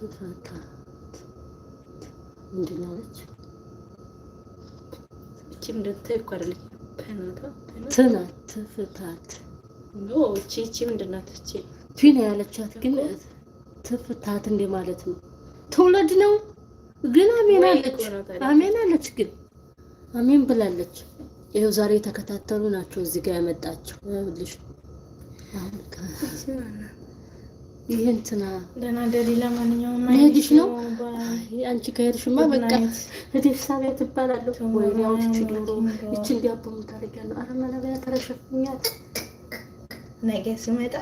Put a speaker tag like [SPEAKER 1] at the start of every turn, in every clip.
[SPEAKER 1] ስንት በቃ ምንድን አለች
[SPEAKER 2] እቺም እቺ እቺ
[SPEAKER 1] እቺ ያለቻት ግን ትፍታት እንደ ማለት ነው። ትውለድ ነው ግን አሜን አለች። አሜን አለች ግን አሜን ብላለች። ይኸው ዛሬ የተከታተሉ ናቸው እዚህ ጋር ያመጣቸው ልጅ ይሄ እንትና
[SPEAKER 2] ለማንኛውም ሄድሽ ነው
[SPEAKER 1] አንቺ ከሄድሽማ በቃ እዴፍ ሳቢያ ትባላለሁ። ወይኔ አውጥቼ ዶሮ እቺ እንዲያቦሙ ታደርጊያለሁ። አረ መላበያ ተረሸፍኛል።
[SPEAKER 2] ነገ ስመጣ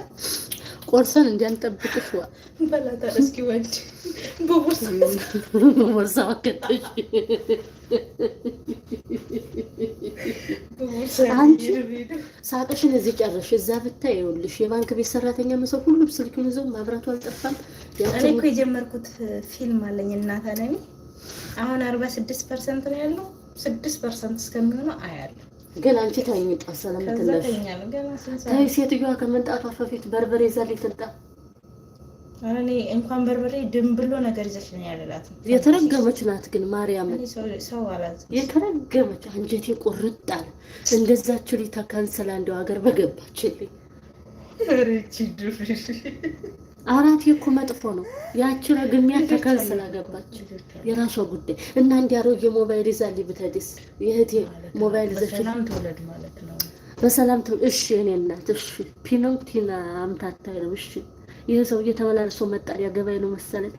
[SPEAKER 1] ቆርሰን እንዲያንጠብቅሽ ዋ
[SPEAKER 2] በላታል። እስኪ ወንድ
[SPEAKER 1] በቦርሳ ከተሽ አንቺ ሳቅሽን እዚህ ጨረሽ እዛ ብታይ ይኸውልሽ፣ የባንክ ቤት ሰራተኛ መሰው ሁሉም ስልኪን ይዘው ማብራቱ አልጠፋም።
[SPEAKER 2] እኔ እኮ የጀመርኩት ፊልም አለኝ እናታ ነኝ። አሁን አርባ ስድስት ፐርሰንት ነው ያለው። ስድስት ፐርሰንት እስከሚሆነው አያለሁ
[SPEAKER 1] ግን አንቺ ተኝ ጣሰለ ምትለሽ ታይ ሴትዮዋ ከመምጣቷ ፈፊት በርበሬ ይዛልኝ ትምጣ።
[SPEAKER 2] እኔ እንኳን በርበሬ ድም ብሎ ነገር ይዘሽልኝ ያለላት
[SPEAKER 1] የተረገመች ናት። ግን ማርያም የተረገመች አንጀቴ ቁርጥ አለ። እንደዛች ሊታ ካንሰላ እንደው ሀገር በገባችልኝ አራት እኮ መጥፎ ነው። ያቺ ረግሚያ ተከል ስላገባች የራሷ ጉዳይ እና እንዲያሮጌ የሞባይል ይዛ ሊብተዲስ የእህቴ ሞባይል ይዘች በሰላም ትውልድ። እሺ እኔ እናት እሺ ፒኖ ቲና አምታታይ ነው። እሺ ይህ ሰው እየተመላልሶ መጣል ያገባይ ነው መሰለኝ።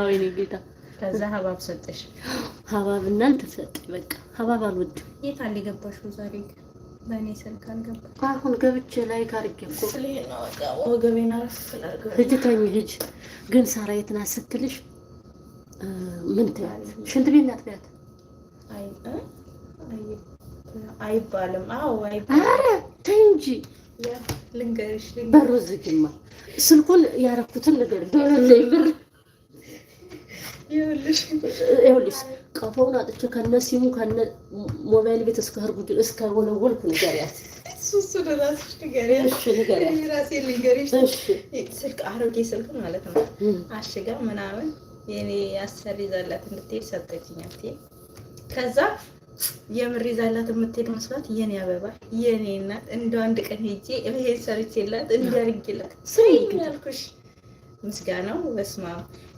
[SPEAKER 1] አዎ የእኔ ጌታ
[SPEAKER 2] ከዛ ሀባብ ሰጠሽ
[SPEAKER 1] ሀባብ እናንተ ሰጠ በቃ ሀባብ አልወድም።
[SPEAKER 2] የት አለ የገባሽው ዛሬ በእኔ ስልክ አልገባም።
[SPEAKER 1] አሁን ገብቼ ላይ ካርጌ እኮ
[SPEAKER 2] ወገቤን አረፍ
[SPEAKER 1] ልጅ ተኝ ልጅ ግን ሳራ የት ናት ስትልሽ ምን ትያለሽ? ሽንት ቤት ናት ቢያት
[SPEAKER 2] አይባልም። አዎ
[SPEAKER 1] ኧረ ተይ እንጂ ልንገርሽ፣ በሩ ዝግማ ስልኩን ያረኩትን ነገር ደወለኝ ብር ይኸውልሽ ቀፎውን አጥቼ ከነ ሲሙ ከነ ሞባይል ቤት እስከ ህርጉ እስከ ወለወልኩ ንገሪያት።
[SPEAKER 2] ስልክ አሮጌ ስልክ ማለት ነው አሽጋ ምናምን የኔ አሰሪ ይዛላት እንድትሄድ ሰጠችኝ። ከዛ የምር ይዛላት የምትሄድ መስሏት የኔ አበባ የኔ እናት እንደ አንድ ቀን ሄጄ ይሄን ሰርቼላት እንዳርግላት ስሪ ያልኩሽ ምስጋናው በስማ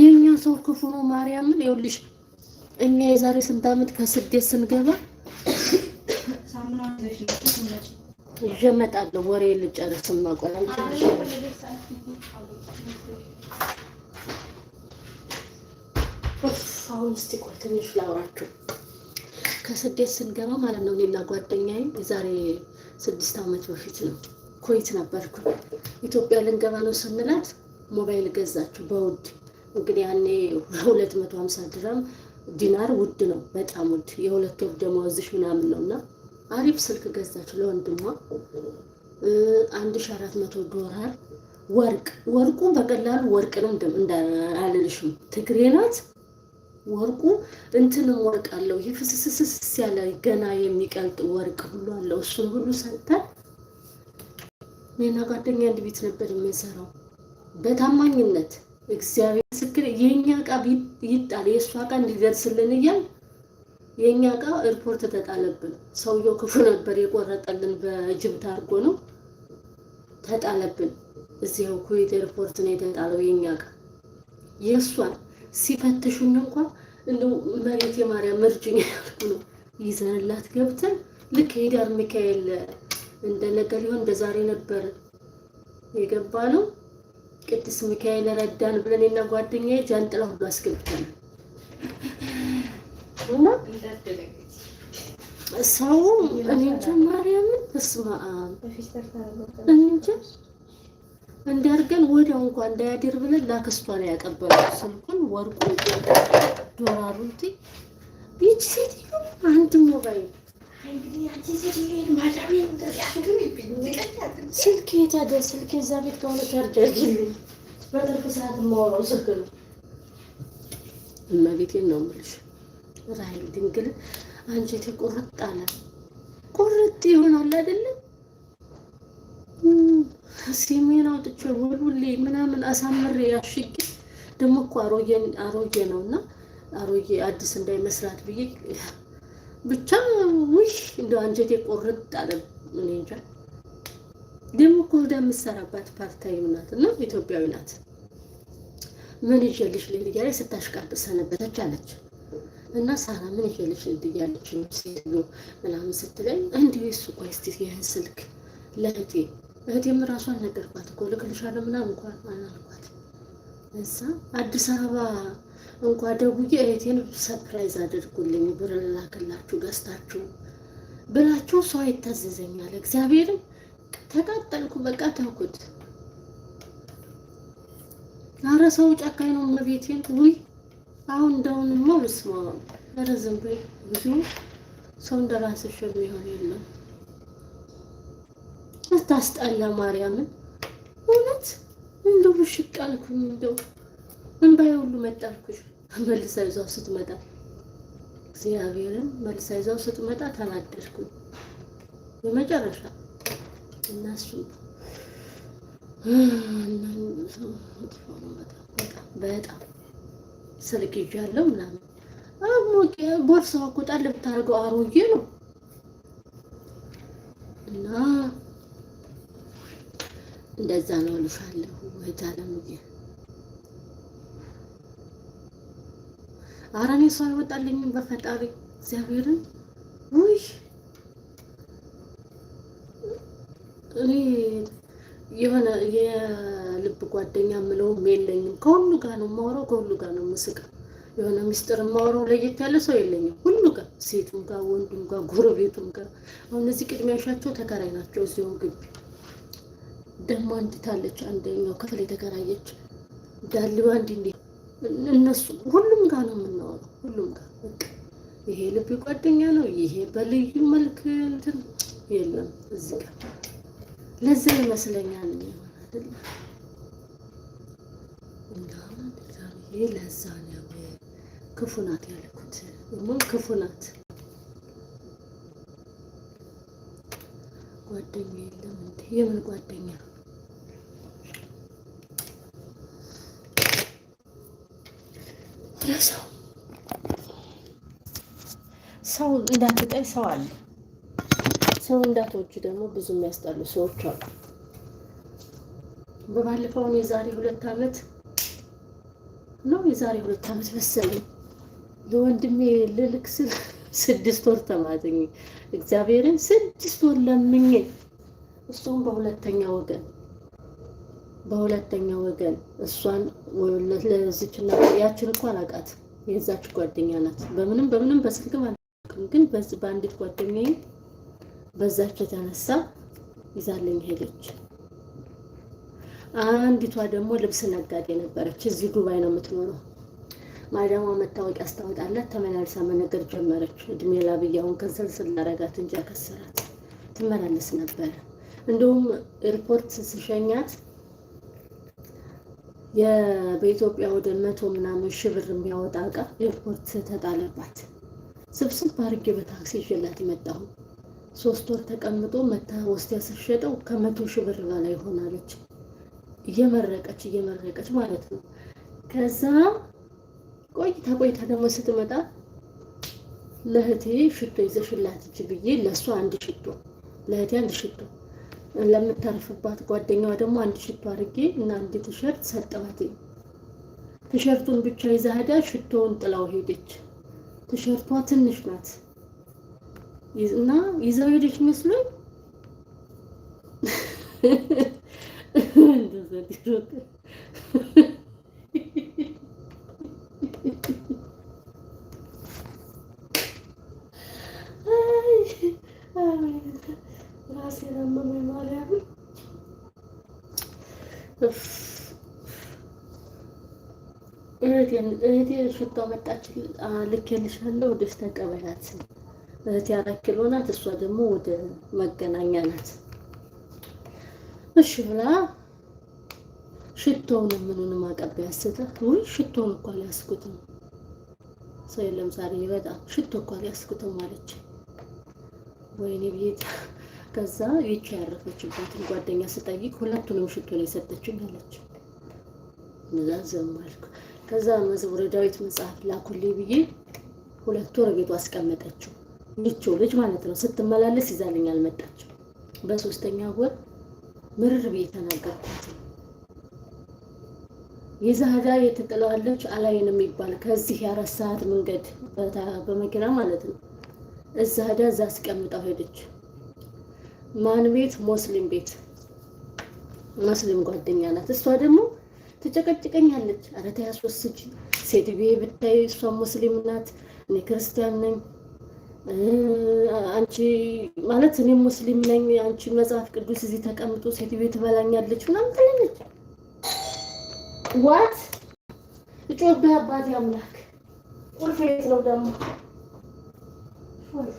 [SPEAKER 1] የእኛ ሰው ክፉ ነው። ማርያምን ይኸውልሽ፣ እኛ የዛሬ ስንት ዓመት ከስደት ስንገባ ይዤ እመጣለሁ። ወሬ ልጨርስማ ከስደት ስንገባ ማለት ነው ሌላ ጓደኛዬ የዛሬ ስድስት ዓመት በፊት ነው ኮይት ነበርኩ። ኢትዮጵያ ልንገባ ነው ስንላት ሞባይል ገዛችሁ በውድ እንግዲህ ያኔ ሁለት መቶ ሀምሳ ድራም ዲናር ውድ ነው፣ በጣም ውድ የሁለት ወር ደመወዝሽ ምናምን ነው። እና አሪፍ ስልክ ገዛች ለወንድሟ አንድ ሺ አራት መቶ ዶላር ወርቅ። ወርቁ በቀላሉ ወርቅ ነው እንዳልልሽም፣ ትግሬ ናት። ወርቁ እንትንም ወርቅ አለው ይፍስስስስ ፍስስስስ ያለ ገና የሚቀልጥ ወርቅ ሁሉ አለው። እሱን ሁሉ ሰጥተን እኔና ጓደኛ አንድ ቤት ነበር የምንሰራው በታማኝነት እግዚአብሔር ምስክር የእኛ እቃ ይጣል የእሷ እቃ እንዲደርስልን እያል የእኛ እቃ ሪፖርት ተጣለብን። ሰውየው ክፉ ነበር፣ የቆረጠልን በጅብት አድርጎ ነው ተጣለብን። እዚያው ኩዌት ኤርፖርት ነው የተጣለው የእኛ እቃ። የእሷን ሲፈትሹን እንኳ እንደው መሬት የማርያም እርጅኝ ያልኩ ነው ይዘንላት ገብተን ልክ ሄዳር ሚካኤል እንደነገ ሊሆን እንደዛሬ ነበር የገባ ነው ቅዱስ ሚካኤል ረዳን ብለን እና ጓደኛዬ ጃንጥላ ሁሉ አስገብተናል። እና ሰው እኔ እንጃ ማርያምን ተስማ እንጃ እንዳርገን ወደ እንኳን እንዳያድር ብለን ላክስቷ ነው ያቀበለው ስልኩን፣ ወርቁ ዶላሩን። ይቺ ሴትዮ አንድ ሞባይል ስልክ የት ያደ ስልክ እዛ ቤት ከሆነ ቻርጅ አድርጊልኝ። በትርፍ ሰዓት የማወራው ስልክ ነው። እመቤቴን ነው የምልሽ። ራሔል ድንግል አንጀቴ ቁርጥ አለ። ቁርጥ ይሆናል አይደለም ሴሜን አውጥቼ ውልውሌ ምናምን አሳምሬ ያሽጌ ደግሞ እኮ አሮጌ ነው እና አሮጌ አዲስ እንዳይመስላት ብዬ ብቻ ውሽ እንደ አንጀቴ ቆርጥ አለ። እኔ እንጃ። ደግሞ ከወዳ የምትሰራባት ፓርታይም ናት እና ኢትዮጵያዊ ናት። ምን ይዤልሽ ልሂድ እያለች ስታሽቃብጥ ሰነበተች አለች እና ሳራ ምን ይዤልሽ ልሂድ እያለች ሴትዮ ምናምን ስትለኝ እንዲሁ እሱ ቆይ እስኪ ይህን ስልክ ለእህቴ እህቴም እራሱ አልነገርኳት እኮ ልክልሻለሁ ምናምን እንኳን አላልኳት እዛ አዲስ አበባ እንኳ ደጉዬ እህቴን ሰርፕራይዝ አድርጉልኝ ብር ላክላችሁ ገዝታችሁ ብላችሁ ሰው ይታዘዘኛል። እግዚአብሔርም ተቃጠልኩ። በቃ ተውኩት። አረ ሰው ጨካኝ ነው። መቤቴን ውይ አሁን እንደውንማ ብስማ ኧረ ዝም በይ ብዙ ሰው እንደራስሽ የሚሆን የለም። አታስጠላ ማርያምን እውነት እንደው ብሽቅ እንደው እንባዬ ሁሉ መጣልኩሽ። መልሳ ይዛው ስትመጣ እግዚአብሔርን መልሳ ይዛው ስትመጣ ተናደድኩ በመጨረሻ እና እሱ በጣም ስልክ ይዣለሁ ምናምን አሞቄ ቦርሳው እኮ ጣል ብታደርገው አሮጌ ነው እና እንደዛ ነው እልሻለሁ እህት አለምዬ ኧረ እኔ ሰው አይወጣልኝም በፈጣሪ እግዚአብሔርን ውይ እኔ የሆነ የልብ ጓደኛ ምለውም የለኝም። ከሁሉ ጋር ነው የማወራው፣ ከሁሉ ጋር ነው የምስቀው። የሆነ ሚስጥር የማወራው ለየት ያለ ሰው የለኝም። ሁሉ ጋር ሴቱም ጋር ወንዱም ጋር ጎረቤቱም ጋር። አሁን እዚህ ቅድሚያ ያሻቸው ተከራይ ናቸው። እዚሁ ግቢ ደግሞ አንዲት አለች፣ አንደኛው ክፍል የተከራየች ዳልባ እንዲ እነሱ ሁሉም ጋር ነው ይሄ ልብ ጓደኛ ነው፣ ይሄ በልዩ መልክ እንትን የለም እዚህ ጋር። ለዛ ይመስለኛል ይሄ ለዛ ነው ክፉ ናት ያልኩት እሞ ክፉ ናት ጓደኛ የለም እንዴ? የምን ጓደኛ ለሰው ሰው እንዳትጠይ ሰው አለ። ሰው እንዳትወጁ ደግሞ ብዙ የሚያስጠሉ ሰዎች አሉ። በባለፈው የዛሬ ሁለት ዓመት ነው የዛሬ ሁለት ዓመት መሰለኝ ለወንድሜ ልልክ ስል ስድስት ወር ተማዘኝ እግዚአብሔርን ስድስት ወር ለምኝ እሱም በሁለተኛ ወገን በሁለተኛ ወገን እሷን ለዚች ያችን እኮ አላውቃት የዛች ጓደኛ ናት። በምንም በምንም በስልክ ማለት አላውቅም፣ ግን በዚህ በአንዲት ጓደኛዬ በዛች የተነሳ ይዛለኝ ሄደች። አንዲቷ ደግሞ ልብስ ነጋዴ ነበረች። እዚህ ዱባይ ነው የምትኖረው። ማዳሟ መታወቂያ አስታወጣላት፣ ተመላልሳ መነገር ጀመረች። እድሜ ላብያውን ከንሰል ስላረጋት እንጂ ከሰራት ትመላለስ ነበረ። እንደውም ኤርፖርት ስሸኛት በኢትዮጵያ ወደ መቶ ምናምን ሺህ ብር የሚያወጣ እቃ ኤርፖርት ተጣለባት። ስብስብ አድርጌ በታክሲ ይዤላት የመጣሁ ሶስት ወር ተቀምጦ መታ ወስድ ያስሸጠው ከመቶ ሺህ ብር በላይ ሆናለች። እየመረቀች እየመረቀች ማለት ነው። ከዛ ቆይታ ቆይታ ደግሞ ስትመጣ ለእህቴ ሽቶ ይዘሽላት እንጂ ብዬ ለእሷ አንድ ሽቶ ለእህቴ አንድ ሽቶ ለምታርፍባት ጓደኛዋ ደግሞ አንድ ሽቶ አድርጌ እና አንድ ቲሸርት ሰጠዋት። ቲሸርቱን ብቻ ይዛ ሄዳ ሽቶውን ጥላው ሄደች። ቲሸርቷ ትንሽ ናት እና ይዘው ሄደች መስሎኝ ራሴ ማርያምን እህቴ ሽታው መጣች፣ ልኬልሻለሁ ወደሽ ተቀበላት። እህቴ አራት ኪሎ ናት፣ እሷ ደግሞ ወደ መገናኛ ናት። እሺ ብላ ሽቶውን ምኑንም አቀባይ ያስታት። ውይ ሽቶውን እኮ አልያዝኩትም፣ ሰው የለም ዛሬ በጣም ሽቶ እኮ አልያዝኩትም አለች። ወይኔ ቤት ከዛ ይቺ ያረፈችባትን ጓደኛ ስጠይቅ ሁለቱንም ሽቶ ነው የሰጠችኝ አለች። እዛ ዘም አልኩ። ከዛ መዝሙረ ዳዊት መጽሐፍ ላኩልኝ ብዬ ሁለት ወር ቤቱ አስቀመጠችው። ልቾ ልጅ ማለት ነው። ስትመላለስ ይዛልኝ አልመጣችው። በሶስተኛ ወር ምርር ብዬ ተናገርኳት። የዛህዳ የተጥላለች አላየንም ይባል ከዚህ የአራት ሰዓት መንገድ በመኪና ማለት ነው። እዛ ሄዳ እዛ አስቀምጣው ሄደች። ማን ቤት? ሙስሊም ቤት። ሙስሊም ጓደኛ ናት። እሷ ደግሞ ትጨቀጭቀኛለች። ኧረ ተይ አስወስጅ። ሴትዮ ብታይ እሷ ሙስሊም ናት፣ እኔ ክርስቲያን ነኝ። አንቺ ማለት እኔ ሙስሊም ነኝ፣ አንቺ መጽሐፍ ቅዱስ እዚህ ተቀምጦ ሴትዮ ትበላኛለች ምናምን ትላለች። ዋት እጮብህ አባቴ አምላክ። ቁልፍ የት ነው ደግሞ? ቁልፍ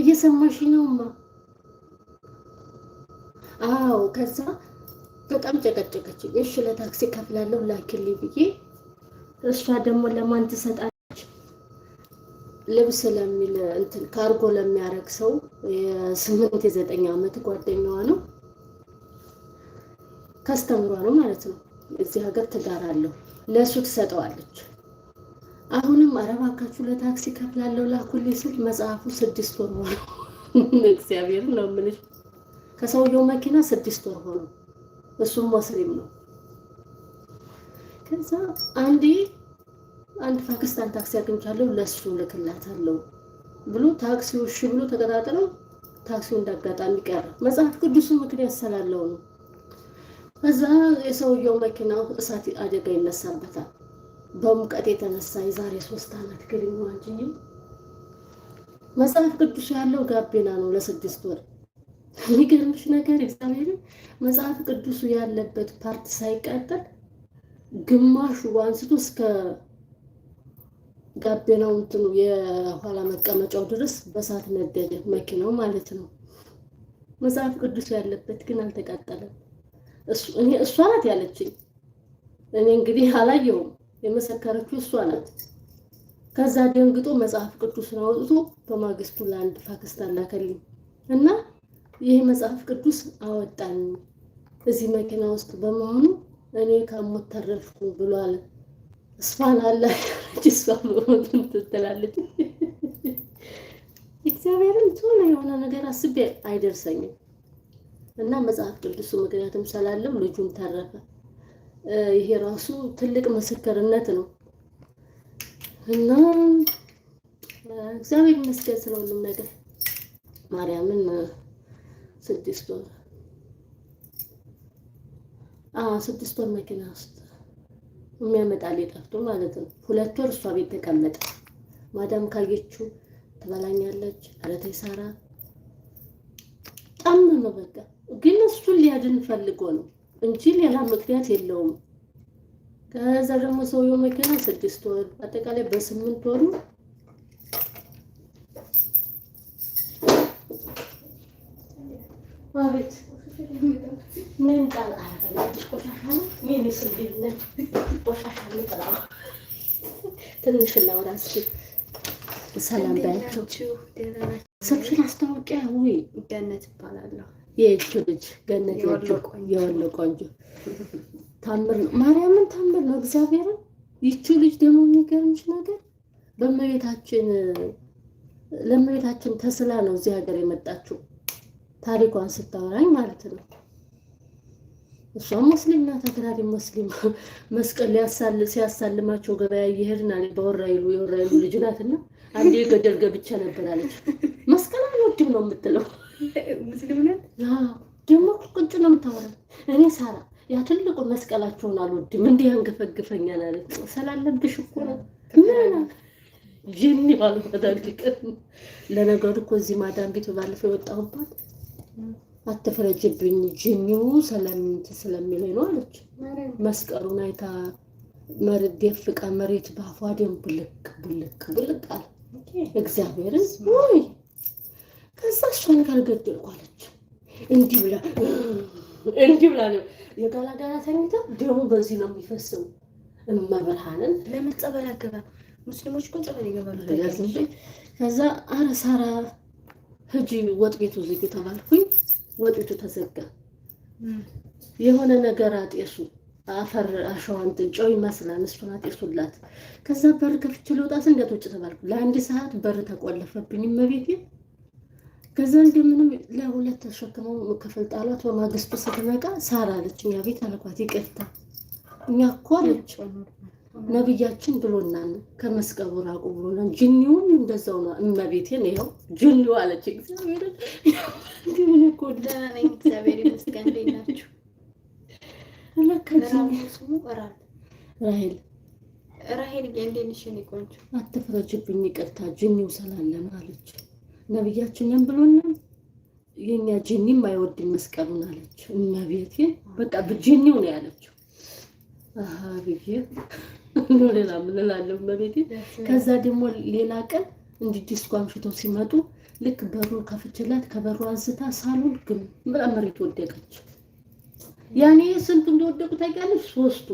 [SPEAKER 1] እየሰማሽ ነውማ? አዎ። ከዛ በጣም ጨቀጨቀች። እሺ ለታክሲ ከፍላለሁ ላኪልኝ ብዬ እሷ ደግሞ ለማን ትሰጣለች? ልብስ ለሚል እንትን ካርጎ ለሚያደርግ ሰው የስምንት የዘጠኝ ዓመት ጓደኛዋ ነው ከስተምሯ ነው ማለት ነው። እዚህ ሀገር ትዳር አለው ለእሱ ትሰጠዋለች። አሁንም አረባካችሁ ለታክሲ ከፍላለሁ ላኩል ስል መጽሐፉ ስድስት ወር ሆነ። እግዚአብሔር ነው የምልሽ። ከሰውየው መኪና ስድስት ወር ሆነ። እሱም ሙስሊም ነው። ከዛ አንዴ አንድ ፓኪስታን ታክሲ አግኝቻለሁ ለሱ ልክላታለሁ ብሎ ታክሲው እሺ ብሎ ተቀጣጥረው ታክሲው እንዳጋጣሚ ቀረ። መጽሐፍ ቅዱሱ ምክንያት ስላለው ነው። ከዛ የሰውየው መኪናው እሳት አደጋ ይነሳበታል። በሙቀት የተነሳ የዛሬ ሶስት ዓመት ግድኛዋችኝም መጽሐፍ ቅዱስ ያለው ጋቢና ነው ለስድስት ወር። የሚገርምሽ ነገር እግዚአብሔርን መጽሐፍ ቅዱሱ ያለበት ፓርት ሳይቀጥል ግማሹ አንስቶ እስከ ጋቢናው እንትኑ የኋላ መቀመጫው ድረስ በሳት ነደደ፣ መኪናው ማለት ነው። መጽሐፍ ቅዱስ ያለበት ግን አልተቃጠለም። እሷ ናት ያለችኝ። እኔ እንግዲህ አላየው። የመሰከረችው እሷ ናት። ከዛ ደንግጦ መጽሐፍ ቅዱስን አውጥቶ በማግስቱ ለአንድ ፓኪስታን ላከልኝ እና ይህ መጽሐፍ ቅዱስ አወጣኝ እዚህ መኪና ውስጥ በመሆኑ እኔ ከሞት ተረፍኩ ብሏል። እስፋን አላች እሷ መሞት ትላለች። እግዚአብሔርን ቶሎ የሆነ ነገር አስቤ አይደርሰኝም እና መጽሐፍ ቅዱሱ ምክንያትም ስላለው ልጁም ተረፈ። ይሄ ራሱ ትልቅ ምስክርነት ነው እና እግዚአብሔር ይመስገን ስለ ሁሉም ነገር ማርያምን ስድስት ወር ስድስት ወር መኪና ውስጥ የሚያመጣልኝ ጠፍቶ ማለት ነው። ሁለት ወር እሷ ቤት ተቀመጠ። ማዳም ካየችው ትበላኛለች። ኧረ ተይ ሳራ ጣም ነው በቃ። ግን እሱን ሊያድን ፈልጎ ነው እንጂ ሌላ ምክንያት የለውም። ከዛ ደግሞ ሰውየው መኪና ስድስት ወር አጠቃላይ በስምንት ወሩ
[SPEAKER 2] አቤት ምን ጣል
[SPEAKER 1] ትንሽ ላውራ እስኪ። ሰላም ባያቸው ስልሽን አስታውቂያ ወይ
[SPEAKER 2] ገነት እባላለሁ።
[SPEAKER 1] የእጁ ልጅ ገነት የወሎ ቆንጆ ታምር ነው። ማርያምን ታምር ነው። እግዚአብሔርን ይቹ ልጅ ደግሞ የሚገርምች ነገር በመቤታችን ለመቤታችን ተስላ ነው እዚህ ሀገር የመጣችው። ታሪኳን ስታወራኝ ማለት ነው። እሷም ሙስሊም ናት። አክራሪ ሙስሊም መስቀል ሲያሳልማቸው ገበያ እየሄድን አለ በወራይሉ የወራይሉ ልጅ ናትና አንዴ ገደል ገብቼ ነበር አለች። መስቀል አልወድም ነው የምትለው ሙስሊም ናት ደግሞ ቁጭ ነው የምታወራው። እኔ ሳራ ያ ትልቁ መስቀላቸውን አልወድም እንዲህ ያንገፈግፈኛል አለ ስላለብሽ እኮ ጅኒ ባለበት ለነገሩ እኮ እዚህ ማዳም ቤት ባለፈው የወጣሁባት አትፍረጅብኝ ጅኒው ስለምንት ስለሚለኝ ነው አለች። መስቀሉን አይታ መሬት ደፍቃ መሬት ባፏ ደም ቡልክ ቡልክ ቡልክ አለ እግዚአብሔርን ወይ ከዛ እሷን ካልገደልኩ አለች። እንዲህ ብላ እንዲህ ብላ ነው የጋላ ጋላ ተኝታ ደግሞ በዚህ ነው የሚፈሰው። እማ ብርሃንን
[SPEAKER 2] ለምን ጸበል አገባ? ሙስሊሞች እኮ ጸበል ይገባሉ።
[SPEAKER 1] ከዛ አረ ሳራ ህጂ ወጥ ቤቱ ዝግ ተባልኩኝ። ወጥ ቤቱ ተዘጋ። የሆነ ነገር አጤሱ አፈር አሸዋን ጥጫው ይመስላል። እሱን አጤሱላት። ከዛ በር ከፍቼ ልውጣ ስንገት ውጭ ተባልኩ። ለአንድ ሰዓት በር ተቆለፈብኝ። መቤቴ ከዛ እንደምንም ለሁለት ተሸክመው ክፍል ጣሏት። በማግስቱ ስትነቃ ሳራ አለች እኛ ቤት አልኳት። ይቅርታ እኛ እኮ አለች ነብያችን ብሎናል ከመስቀሉ ራቁ ብሎናል። ጅኒውን እንደዛው ነው። እመቤቴን ይኸው ጅኒ አለች እግዚአብሔር
[SPEAKER 2] እግዚአብሔር ይመስገን ናቸው
[SPEAKER 1] ራሄል አትፍረጅብኝ ይቅርታ ጅኒው ስላለ አለች ነቢያችን ነብያችንን ብሎናል። የኛ ጅኒም አይወድም መስቀሉን አለች። እኛ ቤቴ በቃ ብጅኒው ነው ያለችው። አሀ ብዬ ሌላ ምን እላለሁ በቤቴ። ከዛ ደግሞ ሌላ ቀን እንዲህ ዲስኩ አምሽተው ሲመጡ ልክ በሩ ከፍችላት ከበሩ አንስታ ሳሉን ግን በጣም መሬት ወደቀች። ያኔ ስንቱ እንደወደቁ ታውቂያለሽ? ሶስቱ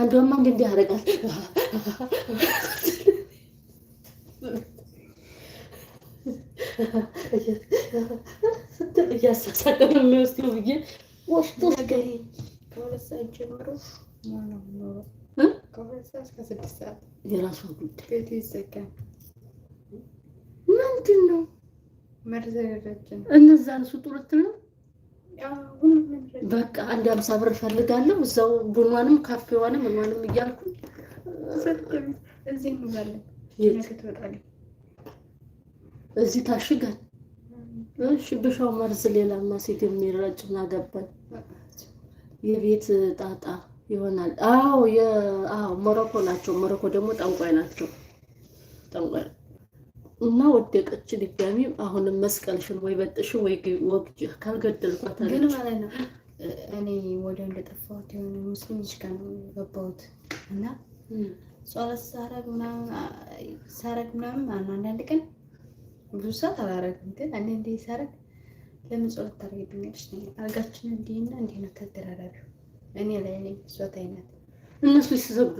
[SPEAKER 1] አንዷማ እንዲህ ያደርጋል ስትል እያሳሳቀ ነው የሚወስደው ብዬ ወስዶ
[SPEAKER 2] ከሁለት ሰዓት ጀምሮ ከሁለት
[SPEAKER 1] የራሷ ጉዳይ
[SPEAKER 2] ቤቱ ይዘጋል።
[SPEAKER 1] ምንድን ነው እነዛን እሱ ነው በቃ አንድ ሀምሳ ብር እፈልጋለሁ። እዛው ቡኗንም ካፌዋንም ምኗንም እያልኩ
[SPEAKER 2] እዚህ እንላለን
[SPEAKER 1] እዚህ ታሽገን እሺ ብሻው መርዝ ሌላማ ሴት የሚረጭ ምን የቤት ጣጣ ይሆናል። አዎ አዎ፣ ሞሮኮ ናቸው። ሞሮኮ ደግሞ ጠንቋይ ናቸው። ጠንቋይ እና ወደቀች ድጋሚ። አሁንም መስቀልሽን ወይ በጥሽን ወይ ወግጭ ካልገደልኳት
[SPEAKER 2] ግን ማለት ነው። እኔ ወደ እንደጠፋሁት የሆነ ሙስሊም ልጅ ጋር ነው የገባሁት እና ጸሎት ሳረግ ምናምን ሳረግ ምናምን አንዳንድ ቀን ብዙ ሰዓት አላረግም፣ ግን እኔ እንዲህ ሳረግ ለምን ጸሎት ታደርግብኛለች? አልጋችን እንዲህና እንዲህ ነው ተደራራቢው እኔ ላይ እሷ ታይናት እነሱ ሲሰግዱ